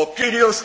Ο κύριος